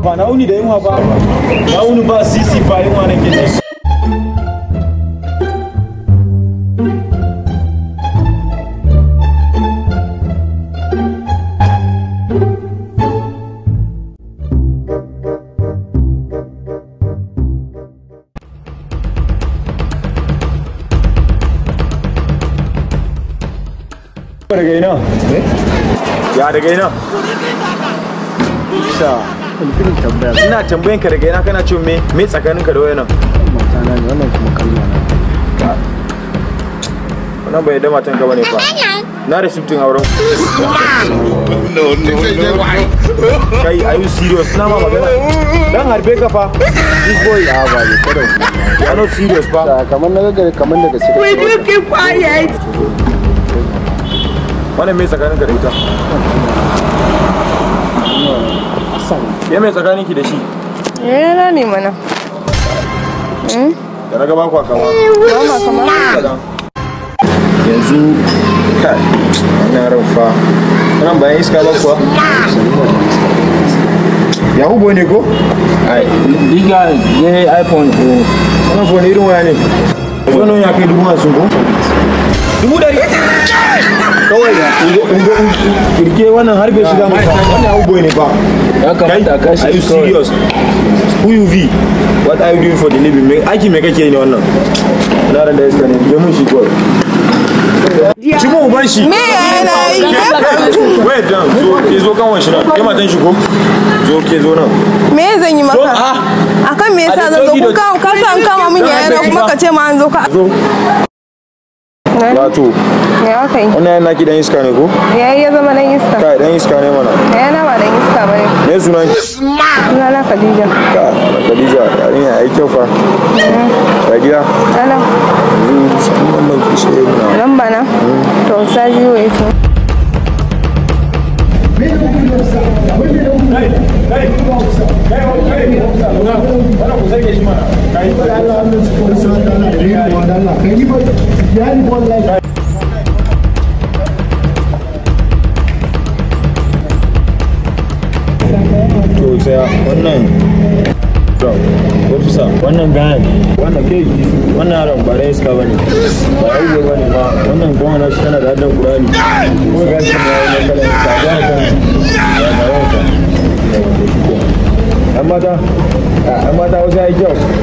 ba na wuni da yunwa ba na wuni ba sisi ba yunwa na ke daga ina? ya daga ina? ina tambayan ka daga ina kana cewa me me tsakanin ka da wayan nan ne wannan kuma kalma na wannan bai da matan ka bane fa na receiptin auren no no no kai are you serious na ma magana dan harbe ka fa this boy ya ba ni kada ku ya no serious fa kamar na gaggare kamar daga sai we do keep quiet wannan me tsakanin ka da ita Hassan. ya mai tsakanin ki da shi? Eh, ne mana. ya hmm? raga ba kwa kama. Eh, kama. Yanzu kai na rufa. Kana bayan iska ba kuwa? Ya hubo ne ko? Ai, ya yi iPhone ko. Eh, wannan phone irin waya ne. Wannan ya kai dubu hamsin ko? Dubu dari. kawai kirke wannan harbe shiga mai wannan abubuwa ne ba ya kamata a kashi you serious who you be what are you doing for the living aiki me kake ne wannan na da iska ne je mun shi kawai Ci mu uban shi. Me yana yi? Wait down. Zo ke zo kan wanshi nan. Ke matan shi ko? Zo ke zo nan. Me zan yi maka? Akan ah. me yasa zan zo? ka san kama min yana kuma ka ce ma an zo ka. Zo. Latu. Ya aka yi. Wannan yana ki dan iska ne ko? Ya ya zama dan iska. Kai dan iska ne mana. Ya ba dan iska ne. Me sunan ki? Suna na Khadija. Ka Khadija kyau fa. Eh. Ya gida. Lambar ki na. na. To sai yi wai to. Kai, kai, kai, kai, kai, kai, kai, kai, kai, behind wannan ofisa wannan wannan keji wannan yaron ba rai iska bane ba zai bane ba wannan goma na shi tana da haddan qur'ani ko ga shi ne wannan kalan ka ga kan ya ga wannan amma ta amma ta wasu ai kyau